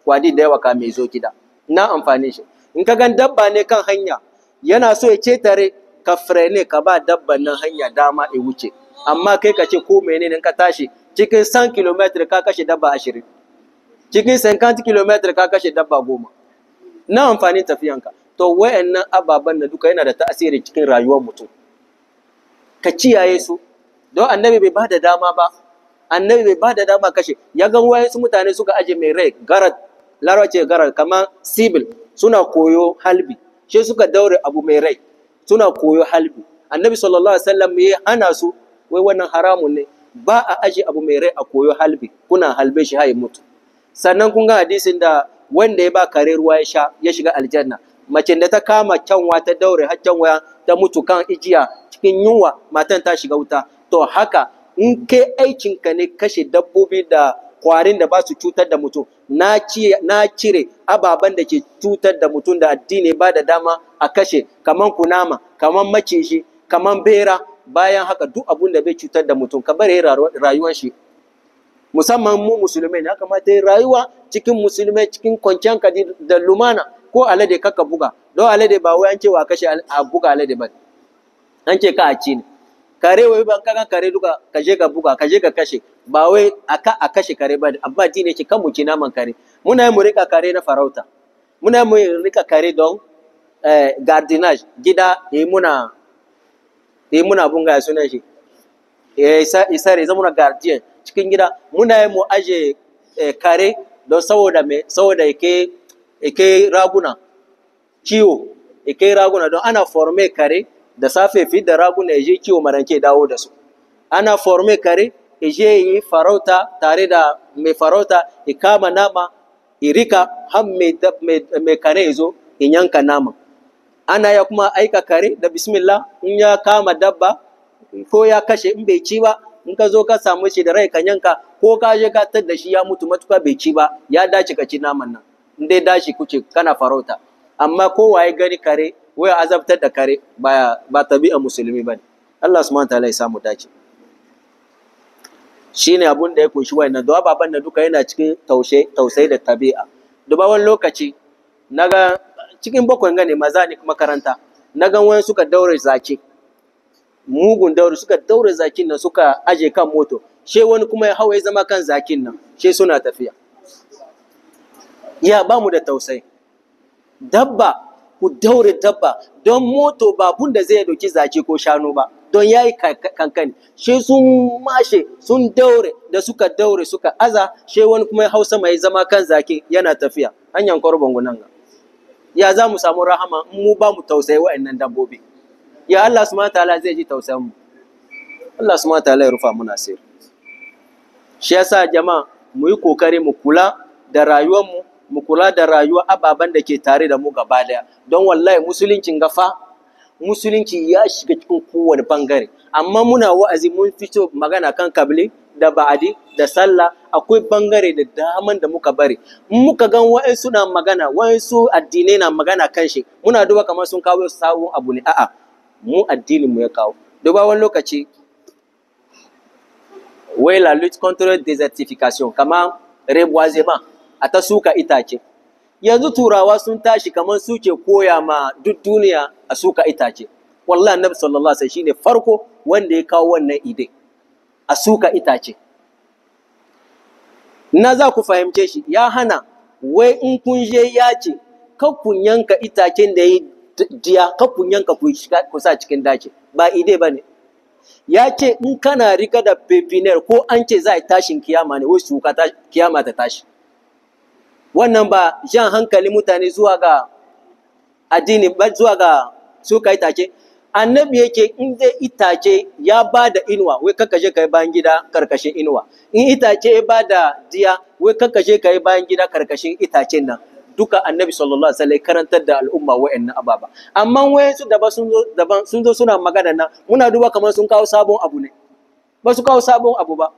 kwadi da yawa ka mai zo gida na amfani shi in ka gan dabba ne kan hanya yana so ya ce tare ka frene ka ba dabban nan hanya dama ya wuce amma kai ka ce ko menene ka tashi cikin 100 km ka kashe dabba ashirin cikin 50 km ka kashe dabba goma na amfanin tafiyanka to wayannan ababen na duka yana da tasiri cikin rayuwar mutum ka ciyaye su don annabi bai bada dama ba annabi bai bada dama kashe ya ga wayansu mutane suka aje mai rai garat larace garar kamar sibil suna koyo halbi shi suka daure abu mai rai suna koyo halbi annabi sallallahu alaihi wasallam ya hana su wai wannan haramun ne ba a aje abu mai rai a koyo halbi kuna halbe shi haye mutu sannan kun ga hadisin da wanda ya ba kare ruwa ya sha ya shiga aljanna mace da ta kama kyanwa ta daure har kyanwa ta mutu kan ijiya cikin yunwa matan ta shiga wuta to haka in kai aikin ka ne kashe dabbobi da kwarin da ba su cutar da mutum na cire ababen da ke cutar da mutum da addini ba da dama a kashe kaman kunama kaman maciji kaman bera bayan haka duk abun da bai cutar da mutum ka bari rayuwar shi musamman mu musulmai ne kamata yi rayuwa cikin musulmai cikin kwanciyar ka da lumana ko alade kaka buga don alade ba wai an ce wa kashe a buga alade ba an ce ka a ci ne kare wai ban kaga kare duka ka je ka buga ka je ka kashe ba wai aka a kashe kare ba amma ji ne ce kan mu ci naman kare muna yi mu rika kare na farauta muna yi mu rika kare don eh, gardinage gida yi muna yi muna bunga sunan shi ya eh, isa re zama na guardian cikin gida muna yi mu aje eh, kare don saboda me saboda yake yake raguna kiwo yake raguna don ana forme kare da safe fi da raguna yaje kiwo maranke dawo da su ana forme kare yaje yi farauta tare da mai farauta ya kama nama irika rika har mai kare ya zo in yanka nama ana ya kuma aika kare da bismillah in ya kama dabba ko ya kashe in bai ci ba in ka zo ka samu shi da rai ka yanka ko ka je ka tar da shi ya mutu matuƙa bai ci ba ya dace ka ci naman nan in dai dashi kuce kana farauta amma ko waye gani kare waya azabtar da kare ba ba tabi'a musulmi bane Allah subhanahu wataala ya samu dace shine abun da ya kunshi wayannan da baban da duka yana cikin taushe tausai da tabi'a duba wani lokaci naga cikin bakwai gane maza ne makaranta naga wani suka daure zaki mugun daure suka daure zakin nan suka aje kan moto she wani kuma ya hawa ya zama kan zakin nan she suna tafiya ya ba mu da tausayi dabba ku daure dabba don moto ba da zai doki zaki ko shanu ba don ya yi kankani she sun mashe sun daure da suka daure suka aza she wani kuma ya hausa mai zama kan zaki yana tafiya hanyar kwarbangu ga ya za mu samu rahama in mu ba mu tausayi wa'annan dabbobi ya Allah subhanahu ta'ala zai ji tausan mu Allah subhanahu ta'ala ya rufa muna sai shi yasa jama'a mu yi kokari mu kula da rayuwar mu mu kula da rayuwa ababen da ke tare da mu gaba daya don wallahi musuluncin gafa musulunci ya shiga cikin kowane bangare amma muna wa'azi mun fito magana kan kabli da ba'adi da sallah akwai bangare da daman da muka bari muka gan wa'ansu na magana wa'ansu addinai na magana kan shi muna duba kamar sun kawo sabon abu ne a'a mu addinin mu ya kawo duba wani lokaci wai la lutte contre desertification kamar reboisement a ta suka itace yanzu turawa sun tashi kamar suke koya ma duk duniya a suka itace Wallah annabi sallallahu alaihi shine farko wanda ya kawo wannan ide a suka itace na za ku fahimce shi ya hana wai in kun je ya ce yanka itacen da ya diya ka yanka ku shiga ku sa cikin daki ba ide ba ne ya ce in kana rika da pepinel ko an ce za a tashin kiyama ne wai shuka kiyama ta tashi wannan ba jan hankali mutane zuwa ga addini ba zuwa ga su ka itace annabi yake in zai itace ya ba da inuwa wai kakashe ka yi bayan gida karkashin inuwa in itace ya ba da diya wai kakashe ka yi bayan gida karkashin itacen nan duka annabi sallallahu alaihi wasallam karantar da al'umma wa'annan ababa amma wayansu ba sun zo daban sun zo suna magana nan muna duba kamar sun kawo sabon abu ne ba su kawo sabon abu ba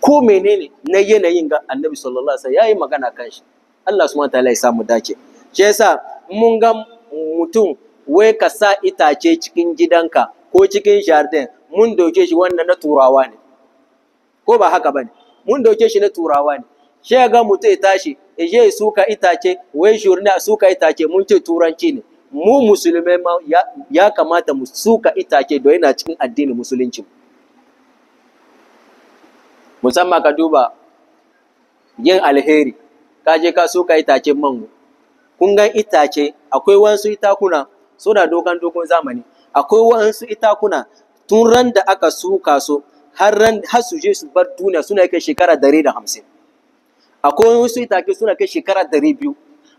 ko menene na yanayin ga annabi sallallahu alaihi wasallam yayi magana kan shi Allah subhanahu wataala ya samu dace shi yasa mun ga mutum wai ka sa itace cikin gidanka ko cikin jardin mun doke shi wannan na turawa ne ko ba haka bane mun doke shi na turawa ne shi ga mutum ya tashi je suka itace wai na suka itace mun ce turanci ne mu musulmai ma ya kamata mu suka itace don yana cikin addinin musulunci musamman ka duba yin alheri ka je ka suka itacen mango kun gan itace akwai wasu itakuna suna dogon dogon zamani akwai wasu itakuna tun ran da aka suka su har ran su je su bar duniya suna yake shekara ɗari da hamsin akwai wasu itake suna kai shekara dari biyu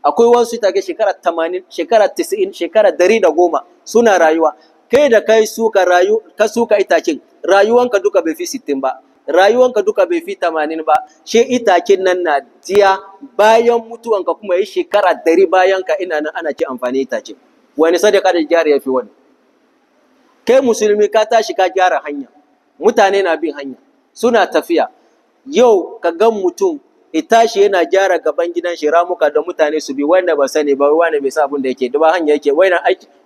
akwai wasu itake shekara tamanin shekara tisa'in shekara dari da goma suna rayuwa kai da kai suka rayu ka suka itakin rayuwanka duka bai fi sittin ba rayuwanka duka bai fi tamanin ba shi itakin nan na jiya bayan mutuwanka kuma yi shekara dari bayan ka ina nan ana ci amfani itace. wani sadaka da gyara ya fi wani kai musulmi ka tashi ka gyara hanya mutane na bin hanya suna tafiya yau ka gan mutum itashi yana gyara gaban gidan shi ramuka da mutane su bi wanda ba sani ba wanda bai san abin da yake duba hanya yake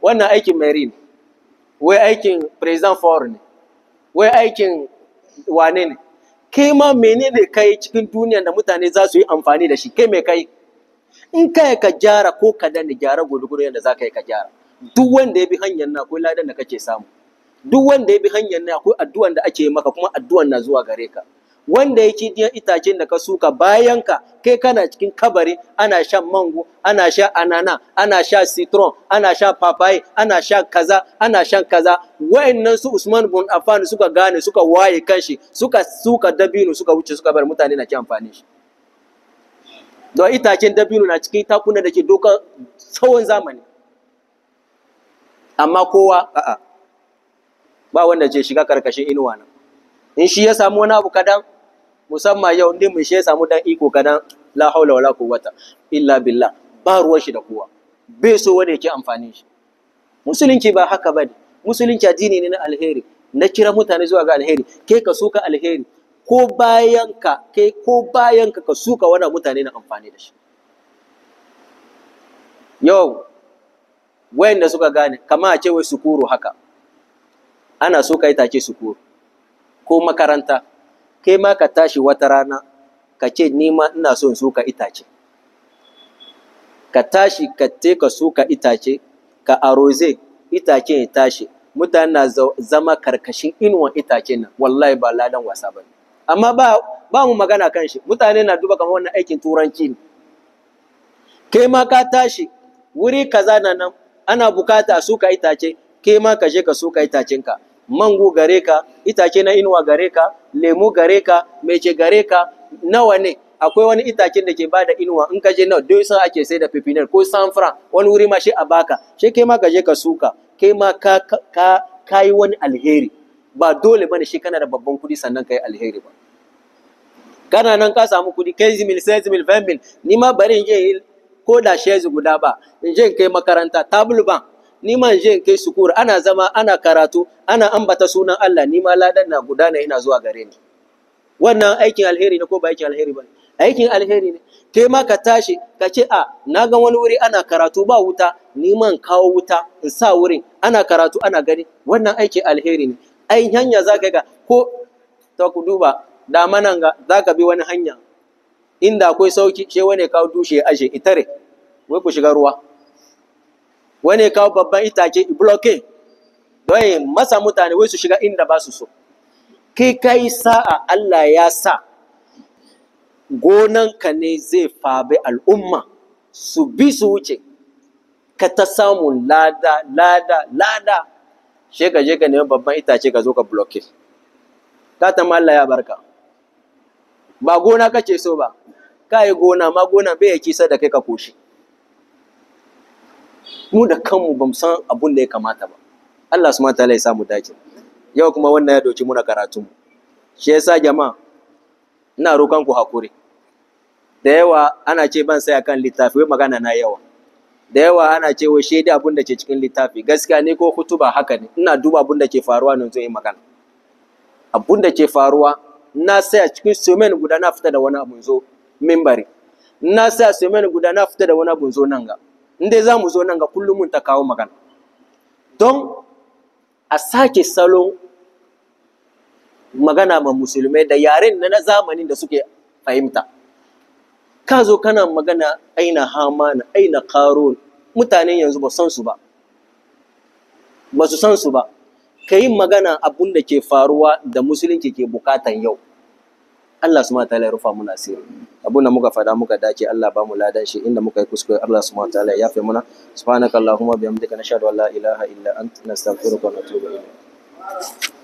wannan aikin marine wai aikin president foreign wai aikin wane ne kai ma menene kai cikin duniya da mutane za su yi amfani da shi kai me kai in kai ka gyara ko ka dani gyara gudugudu yadda za ka yi ka gyara duk wanda ya bi hanyar na akwai ladan da kake samu duk wanda ya bi hanyar na akwai addu'an da ake maka kuma addu'an na zuwa gare ka wanda yake ɗiyan itacen da ka suka bayan ka kai kana cikin kabari ana shan mango ana sha anana ana sha citron ana sha papaye ana sha kaza ana shan kaza wa'annan su Usman bin Affan suka gane suka waye kanshi suka suka dabino suka wuce suka bar mutane na ki amfani shi to itacen dabino na cikin takuna da ke dokar tsawon zamani amma kowa a'a ba wanda ce shiga karkashin inuwa nan in shi ya samu wani abu kadan musamman yau din mu she samu dan iko kadan la haula wala quwwata illa billah ba ruwan shi da kowa bai so wani yake amfani shi musulunci ba haka ba ne, musulunci addini ne na alheri na kira mutane zuwa ga alheri ke ka suka alheri ko bayan ka ke, ko bayan ka ka suka wani mutane na amfani da shi yau wayanda suka gane kama a ce wai sukuru haka ana so ka yi take sukuru ko makaranta kai ma ka tashi wata rana ka ce ni ma ina son suka itace ka tashi ka te ka suka itace ka aroze itace ya tashi mutane na zama karkashin inuwan itace nan wallahi ba ladan wasa ba amma ba ba mu magana kan shi mutane na duba kamar wannan aikin turanci ne kai ma ka tashi wuri kaza na nan ana bukata suka itace kai ma ka je ka suka itacenka mango gare ka itace na inuwa gare ka lemu gare ka mece gare ka nawa ne akwai wani itacen da ke ba da inuwa in ka je nawa dai sai ake sai da pepinel ko sanfra wani wuri ma shi a baka shi kai ma ka je ka suka kai ma ka ka kai wani alheri ba dole bane shi kana da babban kudi sannan kai alheri ba kana nan ka samu kudi kai zimil sai zimil vamil ni ma bari in je ko da shezi guda ba in je kai makaranta table bank ni ma je in kai sukur ana zama ana karatu ana ambata sunan Allah ni ma ladan na gudana ina zuwa gare ni wannan aikin alheri ne ko ba aikin alheri ba aikin alheri ne kai ma ka tashi ka ce a na ga wani wuri ana karatu ba wuta ni man kawo wuta in sa wurin ana karatu ana gani wannan aikin alheri ne ai hanya za ka ga ko ta ku duba da manan ga za ka bi wani hanya inda akwai sauki she wani kawo dushe ya ashe itare wai ku shiga ruwa wani ya kawo babban itace bloke don ya masa mutane wai su shiga inda ba su so kai kai sa'a Allah ya sa gonanka ne zai fabi al'umma su bi su wuce ka ta samun lada lada lada shi ka ne babban itace ka zo ka bloke ka ta Allah ya barka ba gona kace so ba ka gona ma gona bai yake kisa da kai ka koshi mu da kanmu bamu san abun da ya kamata ba Allah su mata ya samu dace yau kuma wannan ya doki muna karatu mu shi yasa jama'a ina roƙon ku hakuri da yawa ana ce ban sai akan littafi magana na yawa da yawa ana cewa shaida abin da ke cikin littafi gaskiya ne ko hutuba haka ne ina duba abin da ke faruwa ne zai yi magana abin da ke faruwa na saya cikin semen guda na fita da wani abun zo mimbari na saya semen guda na fita da wani abun zo nan ga in dai za mu zo nan ga kullum mun ta kawo magana don a sake salon magana ma musulmai da yaren na na zamanin da suke fahimta ka zo kana magana aina hamana aina karun mutanen yanzu ba san su ba ba su san su ba ka yi magana abun da ke faruwa da musulunci ke bukatan yau Allah su wataala ya rufa muna asiri abun da muka faɗa muka dace Allah ba mu ladan shi inda muka yi kuskure Allah su wataala ya yafe muna subhanakallahumma bihamdika nashhadu an la ilaha illa anta nastaghfiruka wa natubu ilayk